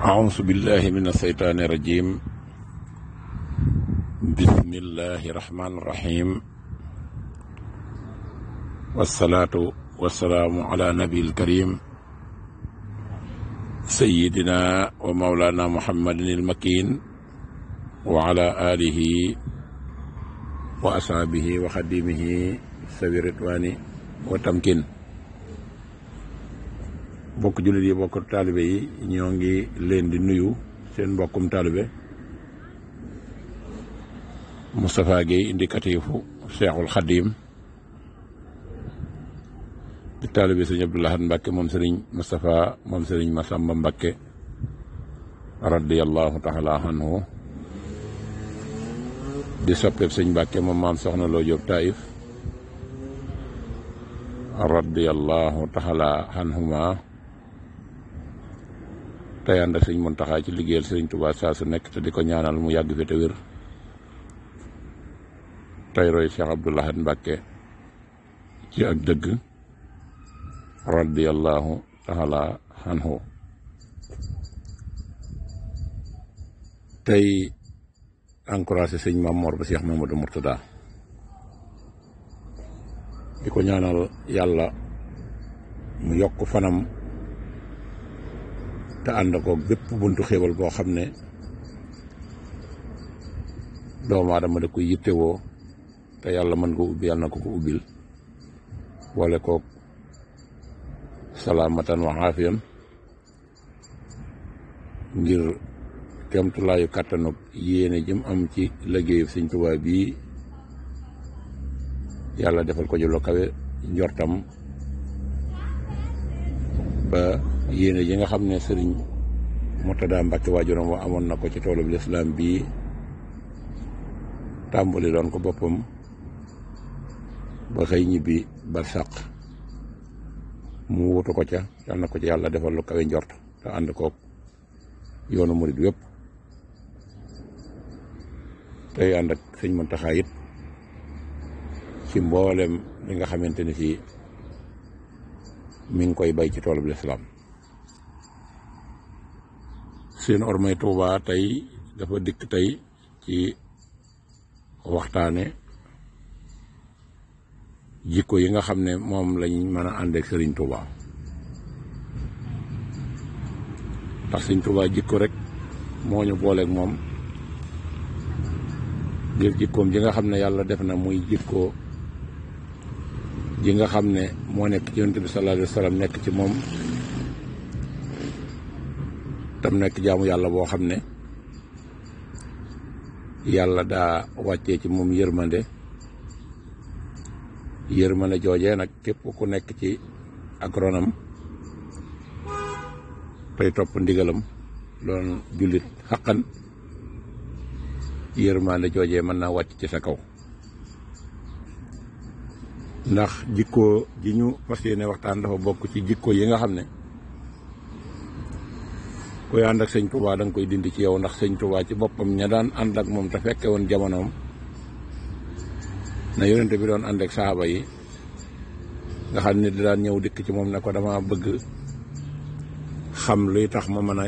أعوذ بالله من الشيطان الرجيم بسم الله الرحمن الرحيم والصلاة والسلام على نبي الكريم سيدنا ومولانا محمد المكين وعلى آله وأصحابه وخديمه سبي الرضوان وتمكين bokk jullit yi bokk taalibe yi ñoo ngi leen di nuyu seen mbokkum taalibe Moustapha Guèye indicatifu Cheikhul Khadim di taalibe sëriñ Abdou Lahad Mbacke moom sëriñ Moustapha moom sëriñ Massamba Mbacke radiyallahu taala anhu di soppeeb sëñ Mbacke moom maam soxna loo Jóob Taïf taala anhuma tey ànd ak sëñ Muntaxa ci liggéeyal sëriñ Tuubaa saa nekk te di ko ñaanal mu yàgg fi te wér tey roy Cheikh Abdou Lahad Mbàkke ci ak dëgg radiyallahu taala anhu tey encouragé sëñ Maam Mor ba Cheikh Mamadou Mourtada di ko ñaanal yàlla mu yokk fanam te ànd koog bépp buntu xéewal boo xam ne doomu aadama da koy yittewoo te yàlla mën ko ubbi yàlla na ko ko ubbil boole koog salaamatan wa aafiyam ngir kemtulaayu kàttanug yéene jëm am ci liggéeyu Sëñ Tuubaa bii yàlla defal ko ju kawe njortam ba yéene ji nga xam ne sëriñ Murtada Mbàkke waajuram wa amoon na ko ci toolub lislaam bii tàmbali loon ko boppam ba xëy ñibbi ba sàq mu wutu ko ca yal na ko ci yàlla defal lu kawe njort te ànd koog yoonu murid yëpp tey ànd ak sëñ Muntaxa it ci mboolem li nga xamante ni si mi ngi koy bay ci toolu lislaam seen ormay Tuuba tey dafa dikk tey ci waxtaane jikko yi nga xam ne moom lañ mën a ànd sëriñ Tuuba ndax sëriñ Tuuba jikko rek mooñu ñu moom ngir jikkoom ji nga xam ne yàlla def na muy jikko ji nga xam ne moo nekk ci bi sallallahu alayhi wa nekk ci moom tam nekk jaamu yàlla boo xam ne yàlla daa wàccee ci moom yërmande yërmande joojee nag képp ku nekk ci ak ronam tey topp ndigalam doon jullit xaqan yërmande joojee mën naa wàcc ci sa kaw ndax jikko ji ñu fas ne waxtaan dafa bokk ci jikko yi nga xam ne koy ànd ak sëñ Touba da nga koy dindi ci yow ndax sëñ Touba ci boppam ña daan ànd ak moom te fekke woon jamonoom na yonente bi doon ànd ak saaba yi nga xam ne daan ñëw dikk ci moom ne ko dama bëgg xam luy tax ma mën a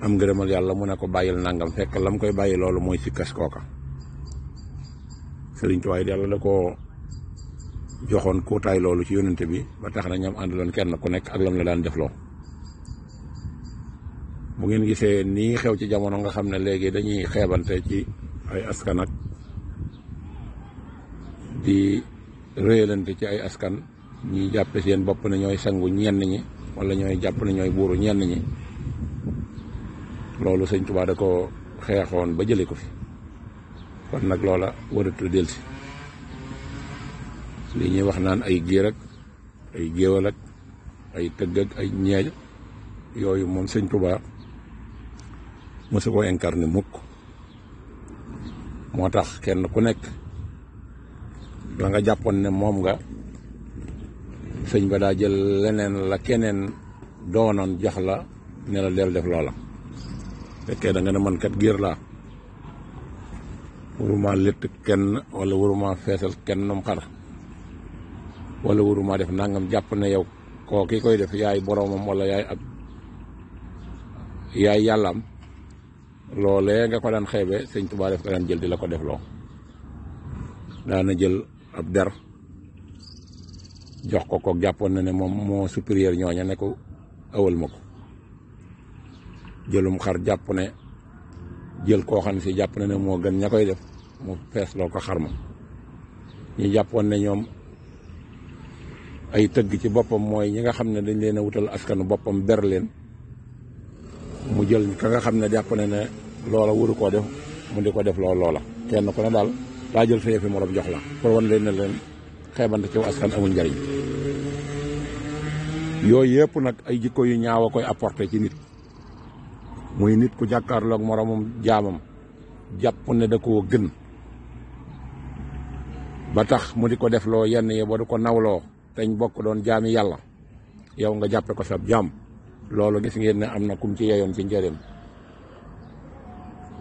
am ngërëmal yàlla mu ne ko bàyyil nangam fekk lam koy bàyyi loolu mooy sikkas kooka sëriñ Touba yàlla da ko joxoon kuutaay loolu ci yonente bi ba tax na ñoom àndaloon kenn ku nekk ak lam la daan defloo bu ngeen gisee ni xew ci jamono nga xam ne léegi dañuy xeebante ci ay askan ak di réyalante ci ay askan ñuy jàppe seen bopp ne ñooy sangu ñenn ñi wala ñooy jàpp ne ñooy buuru ñenn ñi loolu sëñ Tuubaa ko xeexoon ba jëlee ko fi kon nag loola waratul si li ñuy wax naan ay géer rek ay géwal ak ay tëgg ay ñeej yooyu moom sëñ Touba mosu ko incarné mukk moo tax kenn ku nekk la nga jàppoon ne moom nga sëñ ba daa jël leneen la keneen doonoon jox la ne la del def loola fekkee da nga ne man kat géer laa waruma létt kenn wala waruma feesal kenn num xar wala waruma def nangam jàpp na yow koo ki koy def yaay boroomam wala yaay ab yaay yàllaam loolee nga ko daan xeebe sëñ Tuubaa def ko daan jël di la ko def loo daana jël ab der jox ko ko jàppoon na ne moom moo supérieur ñooña ne ko awal ma ko jëlum xar jàpp ne jël koo xam ne si jàpp na ne moo gën ña koy def moo fees loo ko xar ma ñu jàppoon ne ñoom ay tëgg ci boppam mooy ñi nga xam ne dañ leen a wutal askanu boppam ber leen mu jël ka nga xam ne jàpp ne ne loola waru koo def mu di ko def lool loola kenn ku ne daal daa jël sa yëfi moroom jox la pour wan leen leen xeebante ci askan amul njariñ yooyu yëpp nag ay jikko yu ñaaw a koy apporté ci nit muy nit ku jàkkaarloog moroomam jaamam jàpp ne da koo gën ba tax mu di ko def loo yenn yi ba du ko naw loo teñ bokk doon jaami yàlla yow nga jàppe ko sab jaam loolu gis ngeen ne am na kum ci yeyoon ci njëriñ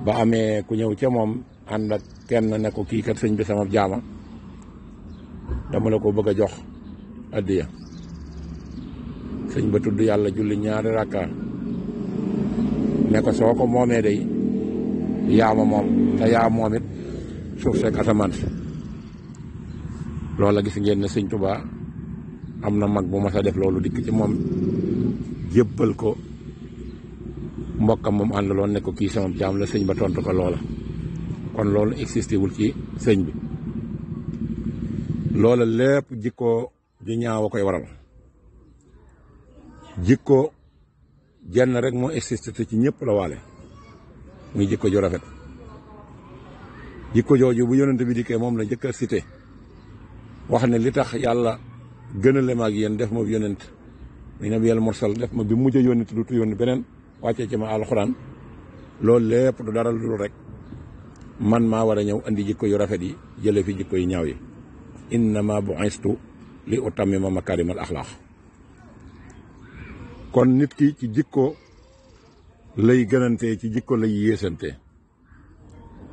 ba amee ku ñëw ca moom ànd kenn ne ko kii kat sëñ bi sama jaama dama la ko bëgg a jox addiya sëñ ba tudd yàlla julli ñaari rakka ne ko soo ko moomee day yaama moom te yaa moom it suuf seeg asamaan si loola gis ngeen ne sëñ Tuubaa am na mag bu masaa def loolu dikk ci moom jébbal ko mbokkam moom àndaloon ne ko kii sama jaam la sëñ ba tontu ko loola kon loolu existé wul ci sëñ bi loola lépp jikko ju ñaaw a koy waral jikko jenn rek moo existé te ci ñëpp la waale muy jikko ju rafet jikko jooju bu yonent bi dikkee moom la jëkk a wax ne li tax yàlla gënale ma ak yéen def ma yónent mi nabi yàlla mursal def ma bi mujj a yónni du yónni beneen wàccee ci ma alxuraan loolu lépp du dara lu rek man ma war a ñëw andi jikko yu rafet yi jële fi jikko yu ñaaw yi innama bu'istu li ma makarimal axlaaq kon nit ki ci jikko lay gënante ci jikko lay yéesante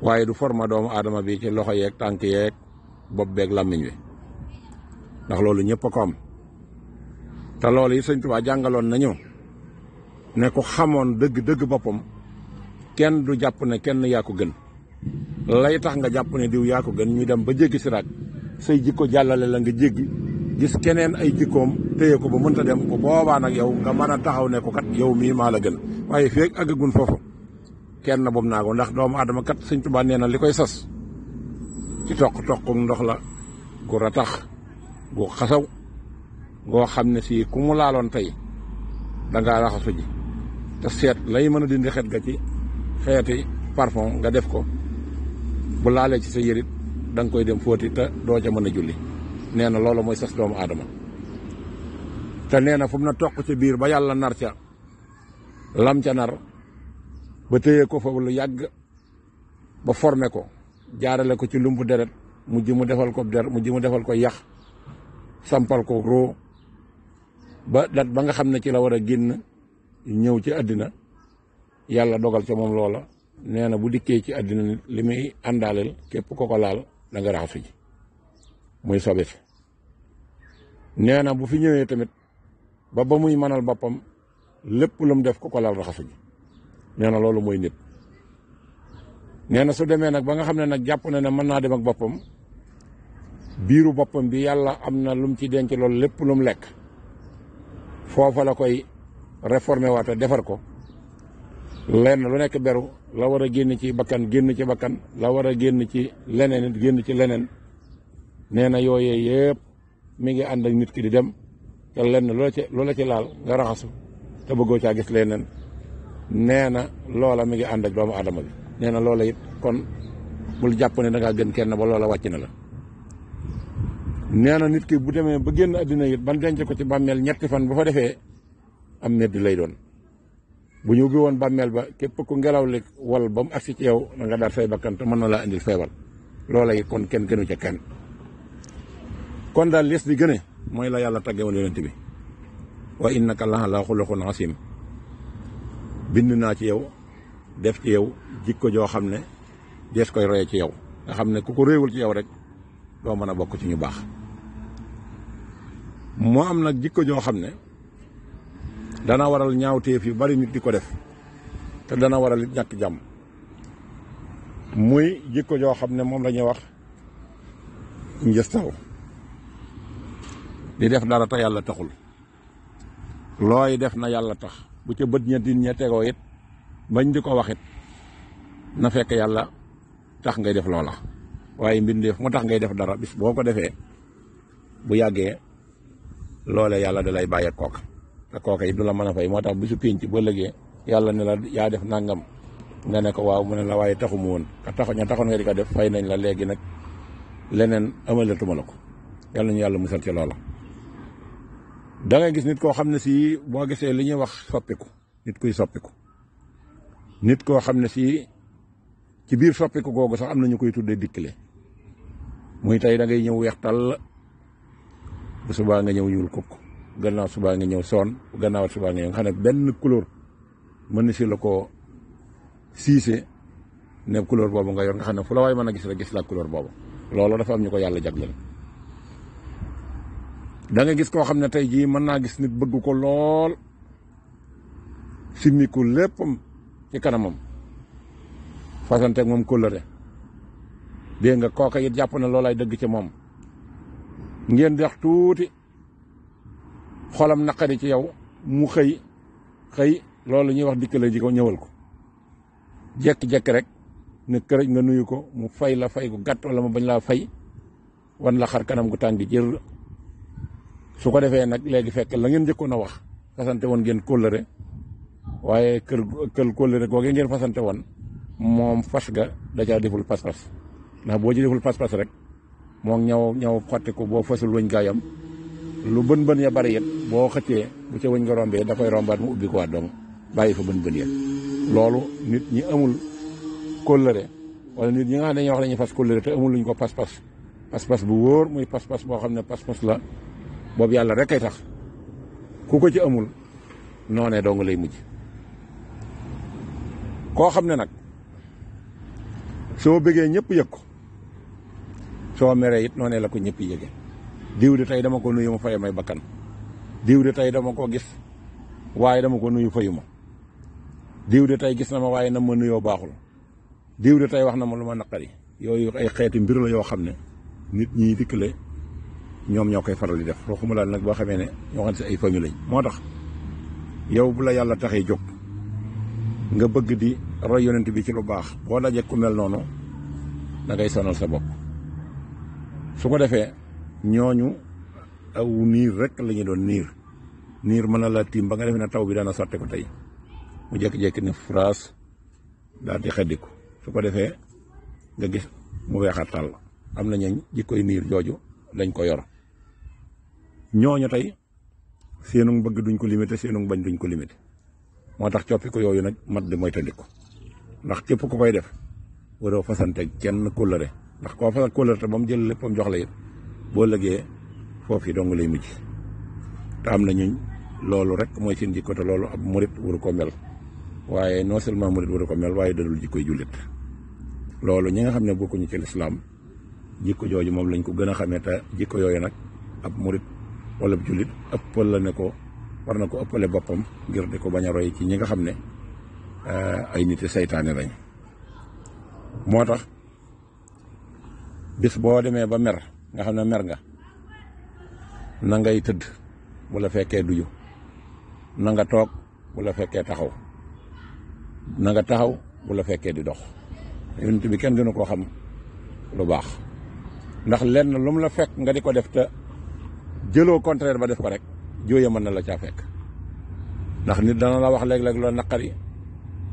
waaye du forma doomu aadama bi ci loxo yeeg tànk yeeg bopp beeg làmmiñ wi ndax loolu ñëpp a ko am te loolu yi sëñ Tuubaa jàngaloon nañu ne ku xamoon dëgg-dëgg boppam kenn du jàpp ne kenn yaa ko gën lay tax nga jàpp ne diw yaa ko gën ñu dem ba jéggi siraat say jikko jàllale la nga jéggi gis keneen ay jikkoom téye ko ba mënta dem bu boobaa nag yow nga mën a taxaw ne ko kat yow mii maa la gën waaye feeg àggagun foofu kenn na boobu naa ko ndax doomu aadama kat sëñ Tuubaa nee na li koy sas ci toq toq ndox la ku ratax gu xasaw goo xam ne sii ku laaloon tey da ngaa raxasu ji te seet lay mën a dindi xet ga ci xeeti parfum nga def ko bu laale ci sa yërit da koy dem fóoti te doo ca mën a julli nee na loolu mooy sas doomu aadama te nee na fu mu na toq ci biir ba yàlla nar ca lam ca nar ba téye ko fa lu yàgg ba formé ko jaarale ko ci lumbu deret mujj mu defal ko der mujj mu defal ko yax sampal ko roo ba dat ba nga xam ne ci la war a génn ñëw ci àddina yàlla dogal ca moom loola nee na bu dikkee ci àddina li muy àndaaleel képp ko laal da nga raxasu ji muy sobe si nee bu fi ñëwee tamit ba ba muy mënal boppam lépp lu mu def ko ko laal raxasu ji nee na loolu mooy nit nee na su demee nag ba nga xam ne nag jàpp na ne mën naa dem ak boppam biiru boppam bi yàlla am na lu mu ci denc loolu lépp lu lekk foofa la koy réformé waata defar ko lenn lu nekk beru la war a génn ci bakkan génn ci bakkan la war a génn ci leneen génn ci leneen nee na yooyee yëpp mi ngi ànd ak nit ki di dem te lenn loola ci loola ci laal nga raxasu te bëggoo ca gis leneen nee na loola mi ngi ànd ak doomu aadama bi nee na loola it kon bul jàpp ne da ngaa kenn ba loola wàcc na la nee na nit ki bu demee ba génn àddina it ban denc ko ci bàmmeel ñetti fan bu fa defee am medd lay doon bu ñu woon bàmmeel ba képp ku ngelaw li wal ba mu agsi ci yow da nga daal say bakkan te mën na laa indil feebar loola yi kon kenn gënu ca kenn kon daal lees di gëne mooy la yàlla tàggeewal yonent bi wa innaka la'alaa xuluqin aziim bind naa ci yow def ci yow jikko joo xam ne dees koy roye ci yow nga xam ne ku ko réewul ci yow rek doo mën a bokk ci ñu baax moo am nag jikko joo xam ne dana waral ñaawteef yu bari nit di ko def te dana waral it ñàkk jàmm muy jikko joo xam ne moom la ñuy wax njëstaw di def dara te yàlla taxul looy def na yàlla tax bu ca bët ña din ña tegoo it bañ di ko wax na fekk yàlla tax ngay def loola waaye mbindeef mu tax ngay def dara bis boo ko defee bu yàggee loole yàlla dalay lay bàyyi kooka te kooka it du la mën a fay moo tax bisu pénc ba lëgee yàlla ne la yaa def nangam nga ne ko waaw mu ne la waaye taxu woon ka tax taxoon nga di ko def fay nañ la léegi nag leneen amalatuma la ko yàlla nañu yàlla musal ci loola. da gis nit koo xam ne si boo gisee li ñuy wax soppiku nit kuy soppiku nit koo xam ne si ci biir soppiku googu sax am na ñu koy tuddee dikkile muy tey da ñëw weex bu subaa nga ñëw ñuul kukk gannaaw subaa nga ñëw soon gannaaw subaa nga ñëw nga xam ne benn couleur mën na si la ko siise ne couleur boobu nga yor nga xam ne fu la waay mën na gis rek gis la couleur boobu loolu dafa am ñu ko yàlla jagleel da nga gis koo xam ne tey jii mën naa gis nit bëgg ko lool simmiku léppam ci kanamam façanteeg moom kóllëre dégg nga kooka it jàpp na loolay dëgg ci moom ngeen dex tuuti xolam naqari ci yow mu xëy xëy loolu ñuy wax dikkale ji ko ñëwal ko jekk-jekk rek ne kërëj nga nuyu ko mu fay la fay gu gàtt wala mu bañ laa fay wan la xar kanam gu tàng jër su ko defee nag léegi fekke la ngeen njëkkoon a wax fasante woon ngeen kóllëre waaye kër kër kóllëre googee ngeen fasante woon moom fas ga da caa deful pas-pas ndax boo ci deful pas rek moo ñaw ñaw xotti ko boo fasul wëñ gaayam lu bën bën ya bari it boo xëccee bu ca wëñ nga rombee da koy rombaat mu ubbi ko waat dong bàyyi fa bën bën ya loolu nit ñi amul kóllëre wala nit ñi nga xam ne dañuy wax dañuy fas kóllëre te amul luñ ko pas-pas pas-pas bu wóor muy pas-pas boo xam ne pas-pas la boobu yàlla rek ay tax ku ko ci amul noonee dong lay mujj koo xam ne nag soo bëggee ñëpp yëg ko soo meree it noonee la ko ñëpp yëge diw de tey dama ko nuyu ma fayu may bakkan diw de tey dama ko gis waaye dama ko nuyu fayu ma diw de tey gis na ma waaye na ma nuyoo baaxul diw de tey wax na ma lu ma naqari yooyu ay xeeti mbiru la yoo xam ne nit ñi dikkale ñoom ñoo koy faral di def waxuma laal nag boo xamee ne ñoo xam si ay famille lañ moo tax yow bu la yàlla taxee jóg nga bëgg di roy yonent bi ci lu baax boo dajee ku mel noonu da ngay sonal sa bopp su ko defee ñooñu aw niir rek la ñu doon niir niir mën na la tiim ba nga defee ne taw bi daana sotti ko tey mu jékki-jékki ne phrase daal di xeddiku su ko defee nga gis mu weexaat tàll am na ñooñ jikkoy niir jooju lañ ko yor ñooñu tey seenu bëgg duñ ko limité seenu bañ duñ ko limité moo tax coppi ko yooyu nag mat di moytandiku ndax képp ku koy def waroo fasanteeg kenn kóllëre ndax koo fa kóolarte ba mu jël léppam jox la boo legee foofu yi dong lay mujj te am na ñuñ loolu rek mooy seen jikko te loolu ab murit waru ko mel waaye non seulement murit waru ko mel waaye dadul jikkoy jullit loolu ñi nga xam ne bokkuñu ci lislaam jikko jooju moom lañ ko gën a xamee te jikko yooyu nag ab murit wala ab jullit la ne ko war na ko ëppale boppam ngir di ko bañ a roy ci ñi nga xam ne ah, ay nit seytaane lañ moo tax bis boo demee ba mer nga xam ne mer nga na ngay tëdd bu la fekkee duju na nga toog bu la fekkee taxaw na nga taxaw bu la fekkee di dox yonent bi kenn gënu koo xam lu baax ndax lenn lu la fekk nga di ko def te jëloo contraire ba def ko rek jooya mën na la caa fekk ndax nit dana la wax léeg-léeg loo naqari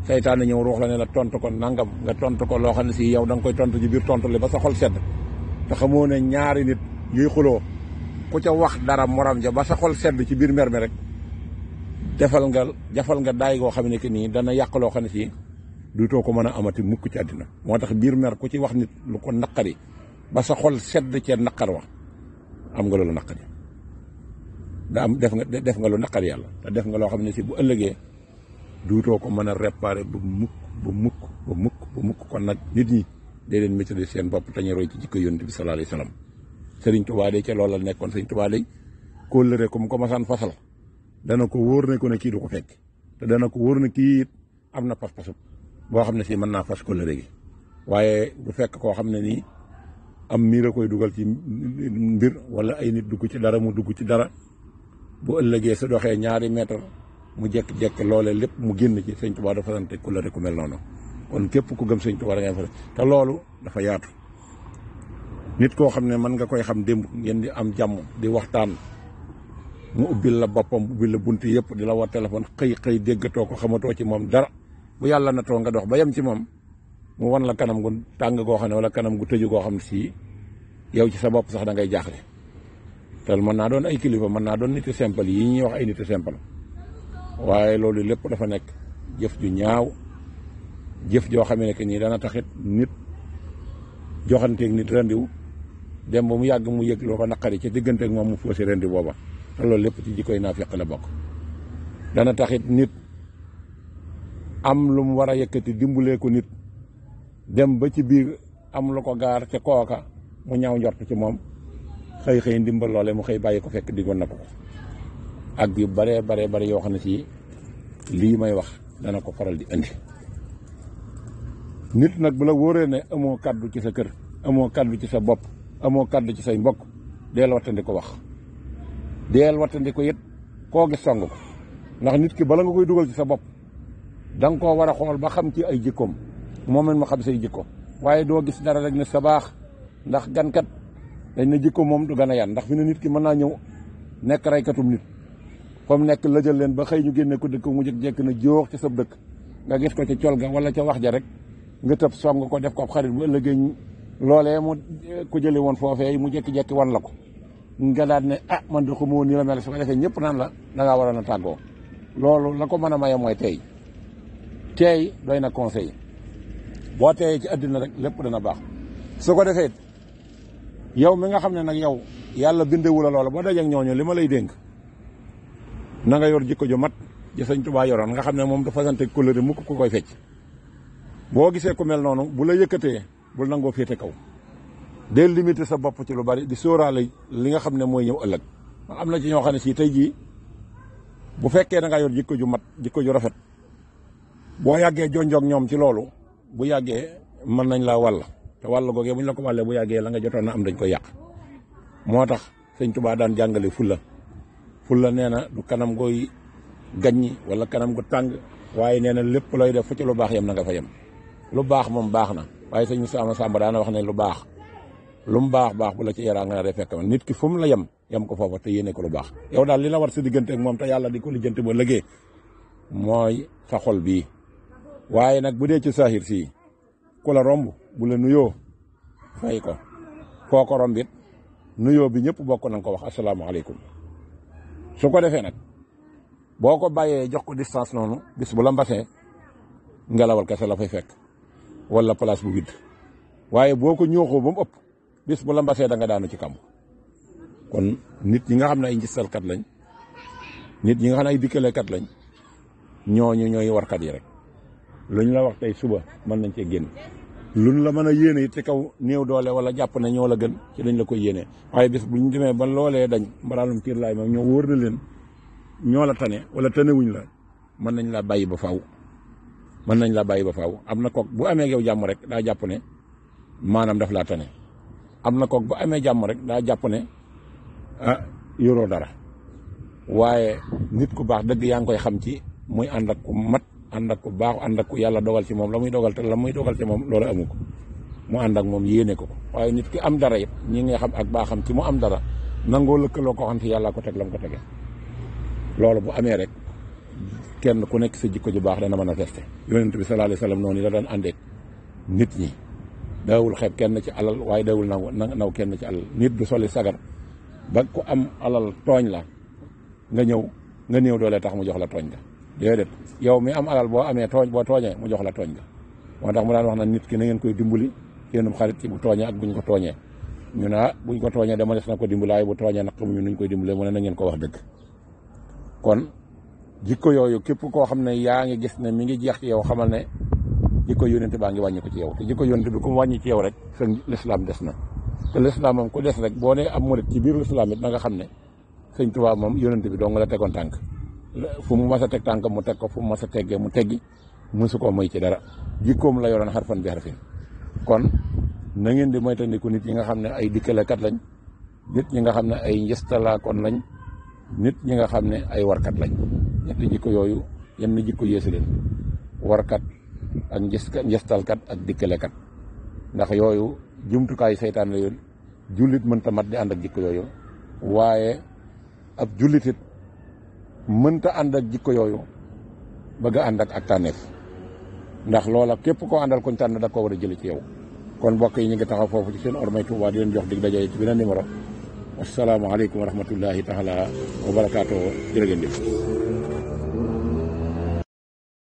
seytaane ñëw ruux la ne la tont ko nangam nga tont ko loo xam ne si yow da koy tontu ji biir le ba sa xol sedd te xamoo ne ñaari nit yuy xuloo ku ca wax dara moram ja ba sa xol sedd ci biir mer mi rek defal nga jafal nga daay goo xam ne que nii dana yàq loo xam ne si duutoo ko mën a amati mukk ci àddina moo tax biir mer ku ci wax nit lu ko naqari ba sa xol sedd cee naqar wa am nga loolu naqari da am def nga def nga lu naqari yàlla te def nga loo xam ne si bu ëllëgee duutoo ko mën a réparer ba mukk ba mukk ba mukk ba kon nag nit ñi day leen maîtriser seen bopp te ñu roy ci jikko yonent bi sallallahu alayhi wasallam sëriñ Tuubaa day ca loola nekkoon sëriñ Tuubaa day kóllëre ko mu ko masaan fasal dana ko wóor ne ko ne kii du ko fekk te dana ko wóor ne kii am na pas-pasu boo xam ne si mën naa fas kóllëre gi waaye du fekk koo xam ne nii am miir a koy dugal ci mbir wala ay nit dugg ci dara mu dugg ci dara bu ëllëgee sa doxee ñaari mètre mu jekk-jekk loole lépp mu génn ci sëñ Tuubaa dafa sante ku la rek ku mel noonu kon képp ku gëm sëñ Tuubaa da ngay fa te loolu dafa yaatu nit koo xam ne mën nga koy xam démb ngeen di am jàmm di waxtaan mu ubbil la boppam ubbil la bunt yëpp di la war téléphone xëy xëy déggatoo ko xamatoo ci moom dara bu yàlla na too nga dox ba yem ci moom mu wan la kanam gu tàng goo xam ne wala kanam gu tëju goo xam ne sii yow ci sa bopp sax da ngay jaaxle te mën naa doon ay kilifa mën naa doon nit simple yi ñuy wax ay nit simple waaye loolu lépp dafa nekk jëf ju ñaaw jëf joo xam ne que nii dana taxit nit joxanteeg nit rendiw dem ba mu yàgg mu yëg loo ko naqari ca digganteeg moom mu foosi rendi booba te loolu lépp ci jikkoy naafiq la bokk dana taxit nit am lu mu war a yëkkati dimbalee ko nit dem ba ci biir am lu ko gaar ca kooka mu ñaaw njort ci moom xëy xëy ndimbal loole mu xëy bàyyi ko fekk diggoon na ko ko ak yu baree baree bare yoo xam ne si lii may wax dana ko faral di indi nit nag bu wóoree ne amoo kàddu ci sa kër amoo kàddu ci sa bopp amoo kàddu ci say mbokk deel wattandi ko wax deel wattandi ko it koo gis song ndax nit ki bala nga koy dugal ci sa bopp da nga koo war a xool ba xam ci ay jikkoom moom it ma xam say jikko waaye doo gis dara rek ne sa baax ndax gankat dañ na jikko moom du gën a ndax fi ne nit ki mën naa ñëw nekk raykatum nit comme nekk lëjal leen ba xëy ñu génne ko dëkk mu jëkk-jëkk na joox ca sab dëkk nga gis ko ca col ga wala ca wax ja rek nga tëb song ko def ko ab xarit bu ëllëgee loolee mu eh, ko jële woon foofee mu jëkki-jëkki wan la ko nga daal ne ah man de xamoo nii la mel su ko defee ñëpp naan la da ngaa waroon a tàggoo loolu ko mën a maye mooy tey tey doy na conseil boo teyee ci àddina rek lépp dana baax su ko defee yow mi nga xam ne nag yow yàlla bindewu la loolu boo dajeeg ñooñu li ma lay dénk nanga yor jikko ju mat ja sañ Tuubaa yoroon nga xam ne moom dafa sante kóllëre mukk ku koy fecc boo gisee ku mel noonu bu la yëkkatee bul nangoo féete kaw dee limité sa bopp ci lu bari di sóoraale li nga xam ne mooy ñëw ëllëg man am na ci ñoo xam ne si tey jii bu fekkee da nga yor jikko ju mat jikko ju rafet boo yàggee jonjoog ñoom ci loolu bu yàggee mën nañ laa wàll te wàll googee bu la ko wàllee bu yàggee la nga jotoon na am dañ koy yàq moo tax sëñ tubaa daan jàngale fulla fulla nee na du kanam gooy gaññi wala kanam gu tàng waaye nee na lépp looy def fu ci lu baax yem na nga fa yem lu baax moom baax na waaye sëñ Moussa Massamba daana wax ne lu baax lu mu baax baax bu la ci yaraa nga ne day fekk man nit ki fu la yem yem ko foofa te yéene ko lu baax yow daal li la war sa diggante ak moom te yàlla di ko lijjanti ba lëgee mooy sa xol bii waaye nag bu dee ci saaxir sii ku la romb bu la nuyoo fay ko koo rombit nuyoo bi ñëpp bokk nañ ko wax asalaamaaleykum su ko defee nag boo ko bayee jox ko distance noonu bis bu la mbasee ngelawal kese la fay fekk wala place bu widd waaye boo ko ñooxoo ba mu ëpp bis bu la mbasee da nga daanu ci kàmb kon nit ñi nga xam ne ay ngistalkat lañ nit ñi nga xam ne ay dikkalekat lañ ñooñu ñooy warkat yi rek lu ñu la wax tey suba mën nañ cee génn luñ la mën a yéene te kaw néew doole wala jàpp na ñoo la gën ci dañ la koy yéene waaye bis bu ñu demee ba loolee dañ mbaraalum kiir laay moom ñëw wóor na leen ñoo la tane wala wuñ la mën nañ laa bàyyi ba faw mën nañ la bàyyi ba faw am na kook bu amee yow jàmm rek daa jàpp ne maanaam daf laa tane am na kook bu amee jàmm rek daa jàpp ne ah yoroo dara waaye nit ku baax dëgg yaa ngi koy xam ci muy ànd ak ku mat ànd ku baax ànd ak ku yàlla dogal ci moom la muy dogal te la muy dogal ci moom loolu amu ko mu ànd ak moom yéene ko waaye nit ki am dara it ñi nga xam ak baaxam ci mu am dara nangoo lëkkaloo ko xam te yàlla ko teg lam ko tege loolu bu amee rek kenn ku nekk sa jikko ju baax dana mën a feste yonent bi sallallahu alayhi wasallam noonu la daan àndeek nit ñi daawul xeeb kenn ci alal waaye daawul naw naw kenn ci alal nit du soli sagar bag ku am alal tooñ la nga ñëw nga néew doole tax mu jox la tooñ la déedéet yow mi am alal boo amee tooñ boo tooñee mu jox la tooñ nga moo tax mu daan wax na nit ki na ngeen koy dimbali seenum xarit ci bu tooñee ak buñ ko tooñee ñu naa ah, buñ ko tooñee dama des na ko dimbalaay bu tooñee nag xamuñu nuñ koy dimbalee mu ne na ngeen ko wax dëgg kon jikko yooyu képp koo xam ne yaa ngi gis ne mi ngi jeex ci yow xamal ne jikko yónent baa ngi wàññi ko ci yow te jikko yónent bi ku mu wàññi ci yow rek sa des na te lislaam moom ku des rek boo ne am murit ci biir lislaam it nga xam ne sëñ Tuubaa moom yónent bi doo nga la tegoon tànk fu mu mas a teg tànk mu teg ko fu mu mas a teggee mu teggi musu koo moy ci dara jikkoom la yoroon xarfan bi xarfin kon na ngeen di moytandiku nit ñi nga xam ne ay dikkalekat lañ nit ñi nga xam ne ay njëstalaakoon lañ nit ñi nga xam ne ay warkat lañ ñetti jikko yooyu yenn jikko yeesu leen warkat ak njëstalkat ak dikkalekat ndax yooyu jumtukaayu seytaan la yoon jullit mënta mat di ànd ak jikko yooyu waaye ab jullitit mënta ànd ak jikko yooyu bëgg a ànd ak ak tànneef ndax loola képp koo àndal koñ tànn da ko war a jëli ci yow kon mbokk yi ñu ngi taxaw foofu ci seen ormay Touba di leen jox dig daje ci beneen numéro wasalaamaaleykum wa rahmatullahi taala wa barakaatu jërë ngeen jëf